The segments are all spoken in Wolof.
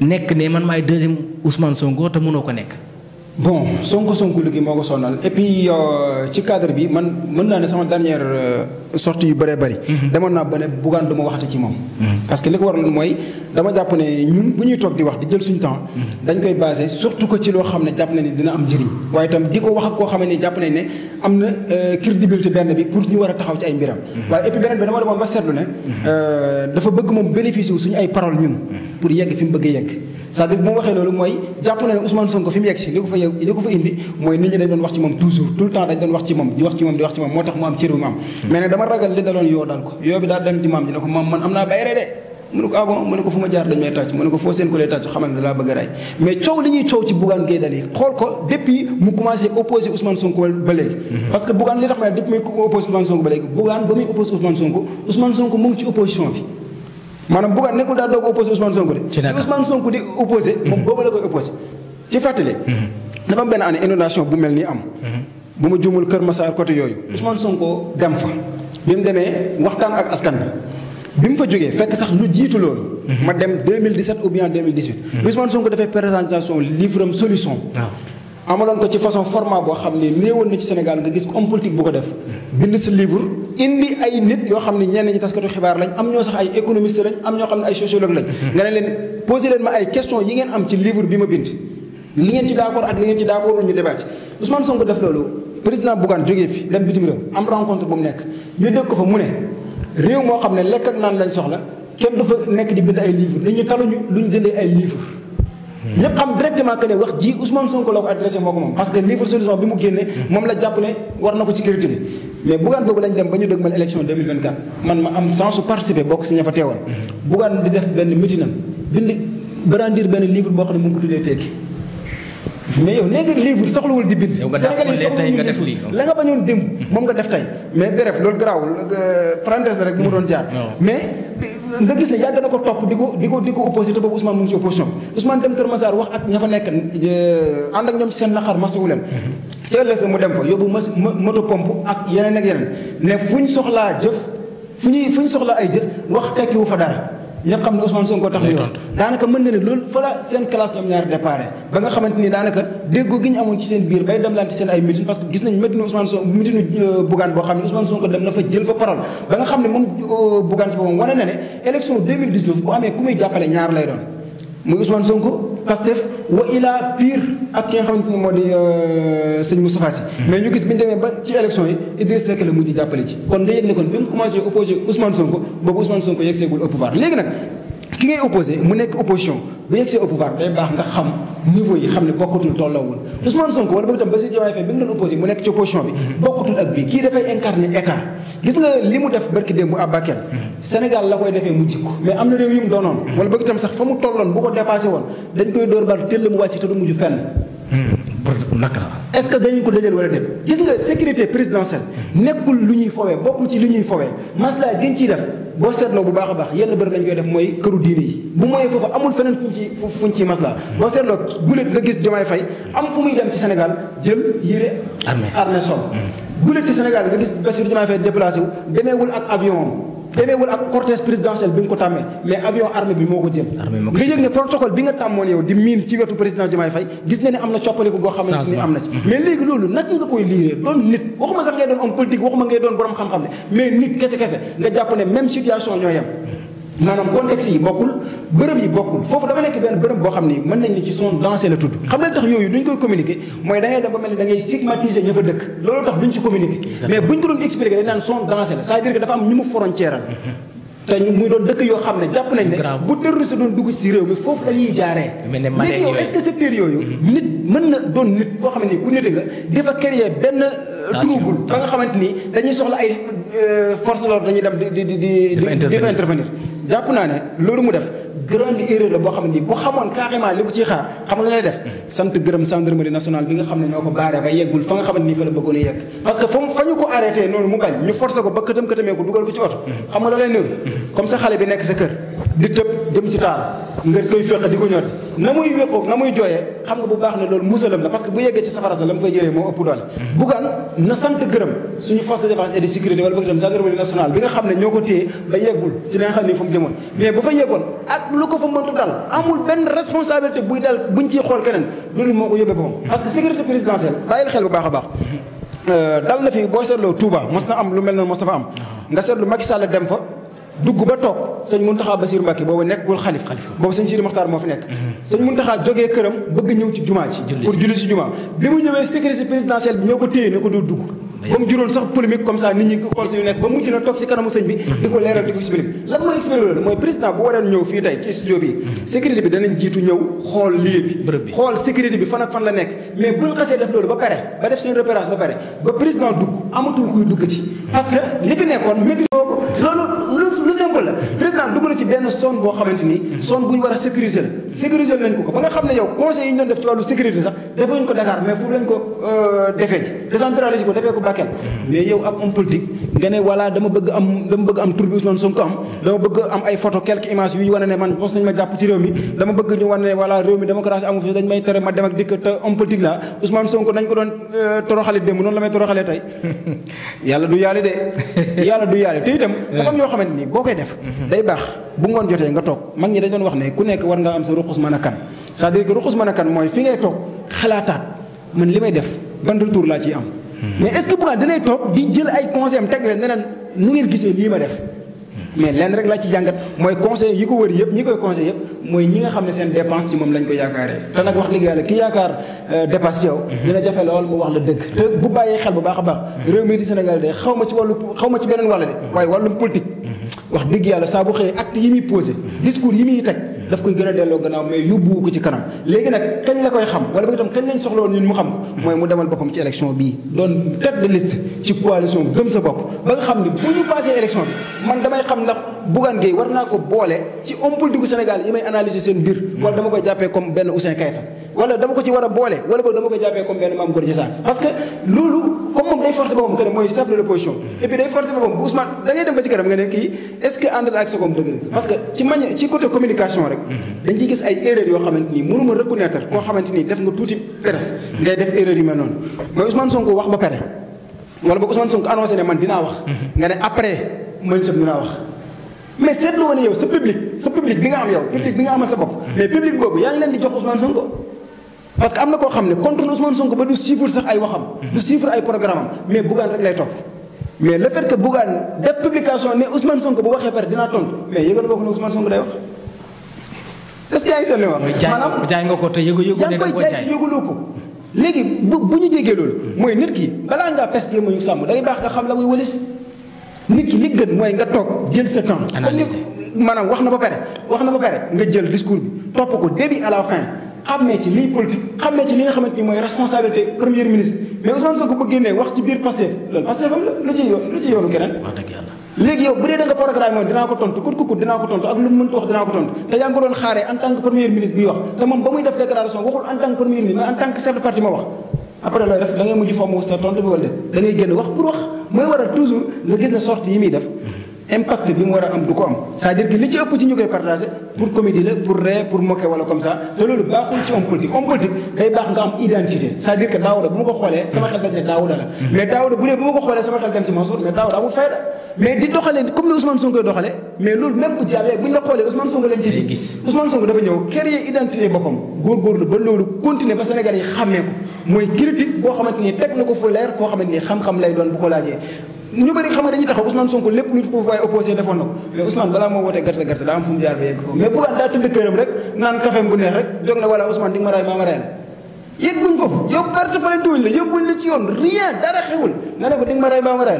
nekk ne man maay deuxième Ousmane Sonko te mënoo ko nekk. bon sonko sonko lu gi moo ko sonal et puis euh, ci cadre bi man mën naa ne sama dernière euh, sortie yu bëree bëri. Mhm. demoon naa ba ne bugaan du ma waxati ci moom. Mhm. parce que li ko waraloon mooy dama jàpp ne ñun bu ñuy toog di wax di jël suñu temps. Mhm. dañ koy basé surtout que ci loo xam ne jàpp na dina am njëriñ. waaye tam di ko wax ak koo xam ne jàpp nañ ne am na euh, crédibilité benn bi pour ñu war a taxaw ci ay mbiram. waaye et puis beneen bi dama demoon ba seetlu ne. dafa bëgg moom bénéficier wu suñu ay parole ñun. pour yegg fi mu bëgg yegg. c'est-à-dire bu mu waxee moy japp jàpp na Ousmane Sonko fi mu yegg si fa yegg liko fa indi moy nit ñi dañ doon wax ci mom toujours tout le temps dañ doon wax ci mom di wax ci mom di wax ci mom motax tax mu am ci bu am mais nag dama ragal li da daloon yo dal ko yo bi da dem ci mam ji ne ko maam man amna naa bayre de mu ne ko ah mu ne ko fu jaar dañ may tàcc mu ne ko foo seen ko lay tàcc xamal ne dalaa bëgg ray mais ciow li ñuy coow ci bugan Gueye Dany xool ko depuis mu commencé opposer Ousmane Sonko ba léegi mhm. parce que bugan li tax may ne depuis muy opposé Ousmane Sonko ba léegi Bougane ba muy opposé Ousmane Sonko Ousmane Sonko mu ngi ci opposition bi pas bu ga nekul da ko opposé Ousmane Sonko de. Ousmane Sonko di opposé. mom mhm. la koy opposé. ci fàttali. Mhm. dama ben année inondation bu melni am. Mhm. buma Je Kër Massar côté à Ousmane Sonko dem fa. bimu mu waxtan ak askan bi bimu fa joggé fekk sax lu jitu lolu ma dem 2017 ou bien 2018. Ousmane Sonko présentation livre solution. Ah. amaloon ko ci façon format boo xam ne néewoon na ci Sénégal nga gis ko politique bu ko def bind sa livre indi ay nit yoo xam ne ñenn ñi taskatu xibaar lañ am ñoo sax ay économiste lañ am ñoo xam ne ay sociologue lañ mm-hmm. nga ne leen posé leen ma ay question yi ngeen am ci livre bi ma bind li ngeen ci d'accord ak li ngeen ci d'accordul ñu débat ci Ousmane Sonko def bitim réew am rencontre bu mu nekk ñu dégg ko fa mu ne réew moo xam ne lekk ak naan lañ sox kenn du fa nekk di bind ñëpp xam directement que ne wax ji Ousmane Sonko la ko adressé moo ko moom parce que livre solution bi mu génne moom la jàpp ne war na ko ci critique mais Bougane boobu lañ dem ba ñu dëgmal élection 2024 man ma am chance su participer bokk si ña fa teewal mm-hmm. Bougane di def benn mitinam bind brandir benn livre boo xam ne mu ngi ko tuddee mais yow nee nga livre soxlawul di bind. Sénégal yi soxlawul nga def lii la nga bañoon démb. moom nga def tey mais bref loolu garaawul euh, parenthèse la rek mu doon jaar. mais euh, nga gis ne yàgg na ko topp di ko di ko di ko opposé te boobu Ousmane mu ngi ci opposition bi Ousmane dem Kër Massar wax ak ña fa nekk euh, ànd ak ñoom seen naqar masawu leen. la mhm. sa mu dem fa yóbbu moto pompe ak yeneen ak yeneen ne fu ñu soxlaa jëf fu ñuy fu ñu soxlaa ay jëf wax tekkiwu fa dara. ñëpp xam ne Ousmane Sonko tax ñu yoon daanaka mën na ne loolu fa la seen classe ñoom ñaari déparé ba nga xamante ni daanaka déggoo gi ñu amoon ci seen biir bay dem seen ay meeting parce gis nañ meeting Ousmane Sonko meeting euh, Bougane boo xam ne Ousmane Sonko dem na fa jël fa parole ba nga xam ne moom euh, Bougane si boppam wane na ne élection 2019 bu amee ku muy jàppale ñaar lay doon muy Ousmane Sonko Pastef wa ila pire ak nga euh, hmm. mais nous avons bi des élections ci élection yi Idriss la ci kon commencé Ousmane Sonko Ousmane Sonko été au pouvoir ki ngay opposé mu nekk opposition bu yegsee au pouvoir day baax nga xam niveau yi xam ne bokkatul tolloowul Ousmane Sonko wala boog itam Bassirou Diomaye Faye bi nga doon opposé mu nekk ci opposition bi bokkatul ak bii kii dafay incarné état gis nga li mu def barki démb ab Bakel Sénégal la koy defee mu jikko mais am na réew yu mu doonoon wala boog itam sax fa mu tolloon bu ko dépassé woon dañ koy dóor bal tëll mu wàcc te du mujj fenn est-ce que dañu ko dajal a dem gis nga sécurité présidentielle nekkul lu ñuy fowee bokkul ci lu ñuy fowee maslaa gën ciy def boo seetloo bu baax a baax yenn bërëb lañ koy def mooy këru diine yi bu mooy foofu amul feneen fuñ ci fuñ ciy maslaa boo seetloo gulet nga gis Diomaye fay am fu muy dem ci Sénégal jël yére armée sol mm. gulet ci Sénégal nga gis Bassirou Diomaye Faye déplacé wu demeewul ak avion demeewul ak cortège présidentiel bi nga ko tàmmee mais avion armée bi moo ko jël nga yëg ne protocole bi nga tàmmoon yow di miin ci wetu président Diomaye Faye gis nga ne am na coppaliku goo xamante ni am na ci mhm. mais léegi loolu naka nga koy liiree doon nit waxuma sax ngay doon homme politique waxuma ngay doon borom xam-xam ne mais nit kese kese nga jàpp ne même situation ñoo yam manam contexte yi bokul bërëb yi bokul fofu dama nek ben bërëb bo xamni meun nañ ni ci son dansé la tudd xam nga tax yoyu duñ koy communiquer moy da ngay dem ba mel da ngay stigmatiser ñafa fa dëkk loolu tax duñ ci communiquer mais buñ ko doon expliquer dañ nan son dansé la c'est-à-dire que dafa am ñimu mu frontière te ñu muy doon dëkk yoo xam ne jàpp nañ ne bu terroriste doon dugg si réew mi foofu la ñuy jaaree léegi yow est-ce que yooyu mm-hmm. nit mën na doon nit boo xam ne nii ku nite nga dafa créer benn euh, trouble ba nga xamante nii dañuy soxla ay euh, force de l'ordre dañuy dem di di di di di intervenir jàpp naa ne loolu mu def grande erreur la boo xam ne nii bu xamoon carrément li ko ciy xaar xam nga lay def mm. sant gërëm gendarmerie nationale bi nga xam ne ñoo ko baaree ba yeggul fa nga xam ne nii fa la bëggoon a yegg parce que fa mu fa ñu ko arrêté noonu mu bañ ñu forcé ko ba këtam këtamee ko dugal ko ci oto mm. xam la lay niru mm. comme sa xale bi nekk sa kër di tëb jëm ci taal nga koy féq di ko ñot na muy wéqoog na muy jooyee xam nga bu baax na loolu musalam la parce que bu yeggee ci safara sa la mu fay jëlee moo ëpp doole bugaan na sant gërëm suñu force de défense et de sécurité wala bëgg dem gendarmerie nationale bi nga xam ne ñoo ko téye ba yeggul ci li xam ne fa mu jëmoon mais bu fa yeggoon ak lu ko fa mëntu dal amul benn responsabilité buy dal buñ ciy xool keneen loolu moo ko yóbbee boppam parce que sécurité présidentielle bàyyil xel bu a baax euh, dal na fi boo seetloo Touba na am lu mel noonu mos na am nga seetlu Macky Sall dem fa dugg ba toog sëñ Muntaxa Basiir Mbàkke boobu nekkul xalif xalif boobu sëñ Sidi Maxtaar moo fi nekk sëñ Muntaxa jógee këram bëgg ñëw ci jumaa ji pour julli si jumaa bi mu ñëwee sécurité présidentielle bi ñoo ko téye ne ko doo dugg ba mu juróon sax polémique comme ça nit ñi xool suñu nekk ba mujj na toog si kanamu sëñ bi di ko leeral di ko expliqué lan mooy expliqué loolu mooy président bu waroon ñëw fii tey ci studio bi sécurité bi danañ jiitu ñëw xool lieu bi xool sécurité bi fan ak fan la nekk mais buñ xasee def loolu ba pare ba def seen repérage ba pare ba président dugg amatul kuy duggati parce que li fi nekkoon métti loolu xamul la président dugg na ci benn zone boo xamante ni zone bu ñu war a sécuriser la sécuriser nañ ko ko ba nga xam ne yow conseil yi ñu doon def ci wàllu sécurité sax defuñ ko Dakar mais foofu lañ ko euh, defee ji décentraliser ko defee ko Bakel ci dañ may tere ma dem ak dikk te homme politique la Ousmane Sonko nañ ko doon euh, toroxale démb noonu la may toroxalee tey yàlla du yàlla de yàlla du yàlla te itam dafa am yoo xamante ni boo koy def def day baax bu ngoon jotee nga toog mag ñi dañ doon wax ne ku nekk war nga am sa ruqus mën a kan c'est-à-dire que ruqus mën a kan mooy fi ngay toog xalaataat man li may def ban retour laa ci am mais est-ce que Bougane danay toog di jël ay conseils am teg leen ne leen nu ngeen gisee lii ma def mais lenn rek laa ci jàngat mooy conseil yi ko wër yëpp ñi koy conseil yëpp mooy ñi nga xam ne seen dépense ci moom lañ ko yaakaaree te nag wax dëgg yàlla ki yaakaar euh, dépense yow dina jafe wax la dëgg bu bàyyee xel bu baax a baax réew mi di xaw ma ci wàllu xaw ma ci beneen wàll de waaye wàllum politique wax dëgg yàlla saa bu xëyee acte yi muy posé discours yi muy teg daf koy gën a delloo gannaaw mais yóbbu ko ci kanam léegi nag kañ la koy xam wala ba itam kañ lañ soxla woon ñun mu xam ko mooy mu demal boppam ci élection bii doon tête de liste ci coalition gëm sa bopp ba nga xam ne bu ñu passé élection bi man damay xam ndax Bougane Gueye war naa ko boole ci homme politique du Sénégal yi may analyser seen mbir wala dama koy jàppee comme benn Ousseyn Kayta wala dama ko ci war a boole wala boog dama ko jàppee comme benn maam góor ji saak parce que loolu comme moom day forcé boppam que ne mooy chef de la position et puis day forcé boppam bu Ousmane da ngay dem ba ci kanam nga ne kii est-ce que ànd ak sagoom dëgg-dëgg parce que ci manière ci côté communication rek dañ ciy gis ay erreurs yoo xamante nii mënuma reconnaître koo xamante nii def nga tuuti presse ngay def erreur yi mel noonu mooy Ousmane Sonko wax ba pare wala boog Ousmane Sonko annoncé ne man dinaa wax nga ne après man itam dinaa wax mais seetlu woon yow sa public sa public bi nga am yow public bi nga amal sa bopp mais public boobu yaa ngi leen di jox Ousmane Sonko parce que am na koo xam ne contre Ousmane Sonko ba du suivre sax ay waxam. Mhm. du suivre ay programme am mais Bougane rek lay topp. mais le fait que Bougane def publication ne Ousmane Sonko bu waxee pare dinaa tontu mais yëgal nga ko ne Ousmane Sonko day ñu jégee loolu. Mhm. mooy nit ki balaa ngaa pes jéem a ñu sàmm day baax nga xam la muy wëlis. nit ki li gën mooy nga toog jël sa temps. analyser comme wax na ba pare wax na ba pare nga jël discours bi topp ko début à la fin xàmmee ci liy politique xàmmee ci li xamante mooy responsabilité premier ministre mais Ousmane Sonko bu génnee wax ci biir Pastef loolu Pastef am la lu ci yoon lu ci yoonu keneen. wax dëgg yàlla. léegi yow bu dee da nga programme moom dinaa ko tontu kut kut dinaa ko tontu ak lu mu mënti wax dinaa ko tontu te yaa doon xaaree en tant premier ministre bi wax te moom ba muy def déclaration waxul en tant premier ministre mais en tant que chef de wax. après looy def da impact bi mu war am du ko am c'est-à-dire que li ci ëpp ci ñu koy partagé pour comédie la pour ree pour moquer wala comme ça te loolu baaxul ci homme politique homme politique day bax nga am identité c'est-à-dire que Daouda bu ma xolé sama xel dañ né Daouda la mais Daouda bu né bu ma xolé sama xel dem ci Mansour mais Daouda amul fayda mais di doxale comme ni Ousmane Sonko koy doxalee mais lolu même bu jàllee bu ñu la xolé Ousmane Sonko lañ ciy gis Ousmane Sonko dafa ñëw créer identité bopam gor gor lu ba lolu continuer ba sénégalais xamé ko moy critique bo xamanteni ni teg na ko fu leer foo xamante xam-xam lay doon bu ko laajee ñu bëri xam nga dañuy taxaw Ousmane Sonko lépp lu ko waaye opposé defoon na ko mais Ousmane balaa moo wootee garsa garsa daa am fu mu jaar ba yegg foofu mais Bougane daa tëdd këram rek naan café bu neex rek jóg na voilà Ousmane di nga ma raay maa ma raay la yegguñ foofu yow perte pare duñ la yóbbuñ la ci yoon rien dara xewul nga ne ko di nga ma maa ma la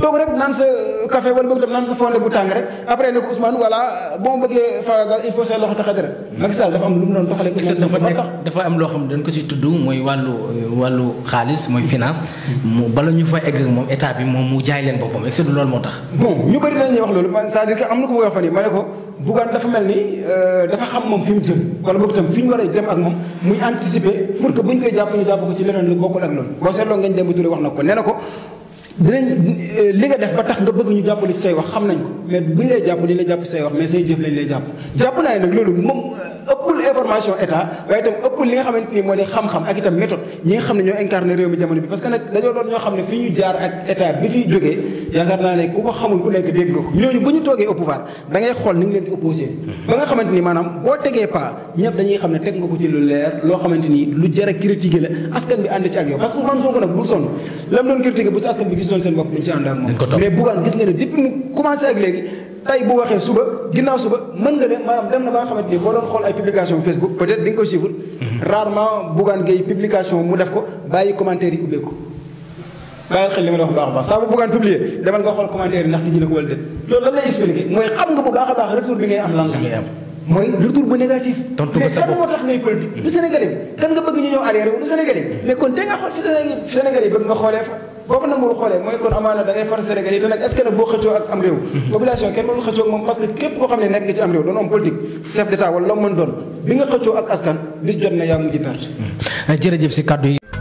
toog rek naan sa café wala bëgg tam naan sa fonde bu tàng rek après ne ko Ousmane voilà boo ma bëggee faagaal il faut say loxo tax a dafa am lu mu doon doxalee dafa am loo xam ne dañ ko ci tudd mooy wàllu euh, wàllu xaalis mooy finance mu bala ñu fa egg moom état bi moom mu jaay leen boppam est loolu moo tax bon ñu bëri nañuy wax loolu c'est-à-dire que am na ko ma wax fan yi ma ne ko Bougane dafa mel ni euh, dafa xam moom fi mu jëm wala boog itam fi ñu war a dem ak moom pour que bu ñu koy ko ci loolu boo seetloo ngañ dem wax na ko nee na ko dinañ euh, li nga def ba tax nga bëgg ñu jàppale say wax xam nañ ko mais bu ñu lay jàpp li lay jàpp say wax mais say jëf lañ lay jàpp jàpp naa ne nag loolu moom euh, ëpp ëpp information état waaye itam ëpp li nga xamante ni moo di xam-xam ak itam méthode ñi nga xam ne ñoo incarné réew mi jamono bi parce que nag dañuy xam ne teg nga ko ci lu leer loo xamante ni lu jar a la askan bi ànd ci ak yow parce que Ousmane Sonko nag bu sonn lam doon critiquer bu si askan bi gis doon seen bopp duñ ci ànd ak moom mais Bougane gis nga ne depuis mu commencé ak léegi tey bu waxee suba ginnaaw suba mën nga ne maanaam dem na ba nga xamante ni boo doon xool ay publication Facebook peut-être nga ko suivre. Mhm. rarement Bougane Gueye publication mu def ko bàyyi commentaire yi ubbeeku. bàyyil xel li ma la a baax nga xool commentaire na ko xam nga bu baax a baax retour bi ngay am lan la. ngay am mooy retour bu négatif. sa bopp mais kan moo tax ngay politique. Mhm. du Sénégalais bi kan nga bëgg ñu ñëw arrière du Sénégalais mhm. mais kon dee nga xool fi Sénégalais yi bëgg nga xoolee fa boo ko nangul xoolee mooy kon amaana da ngay far Sénégal yi te nag est-ce que nag boo xëccoo ak am réew population kenn mënul xëccoo moom parce képp koo xam ne nekk ci am réew doon homme politique chef d'état wala loo mën doon bi nga xëccoo ak askan bis jot na yaa mujj perte jërëjëf si kàddu yi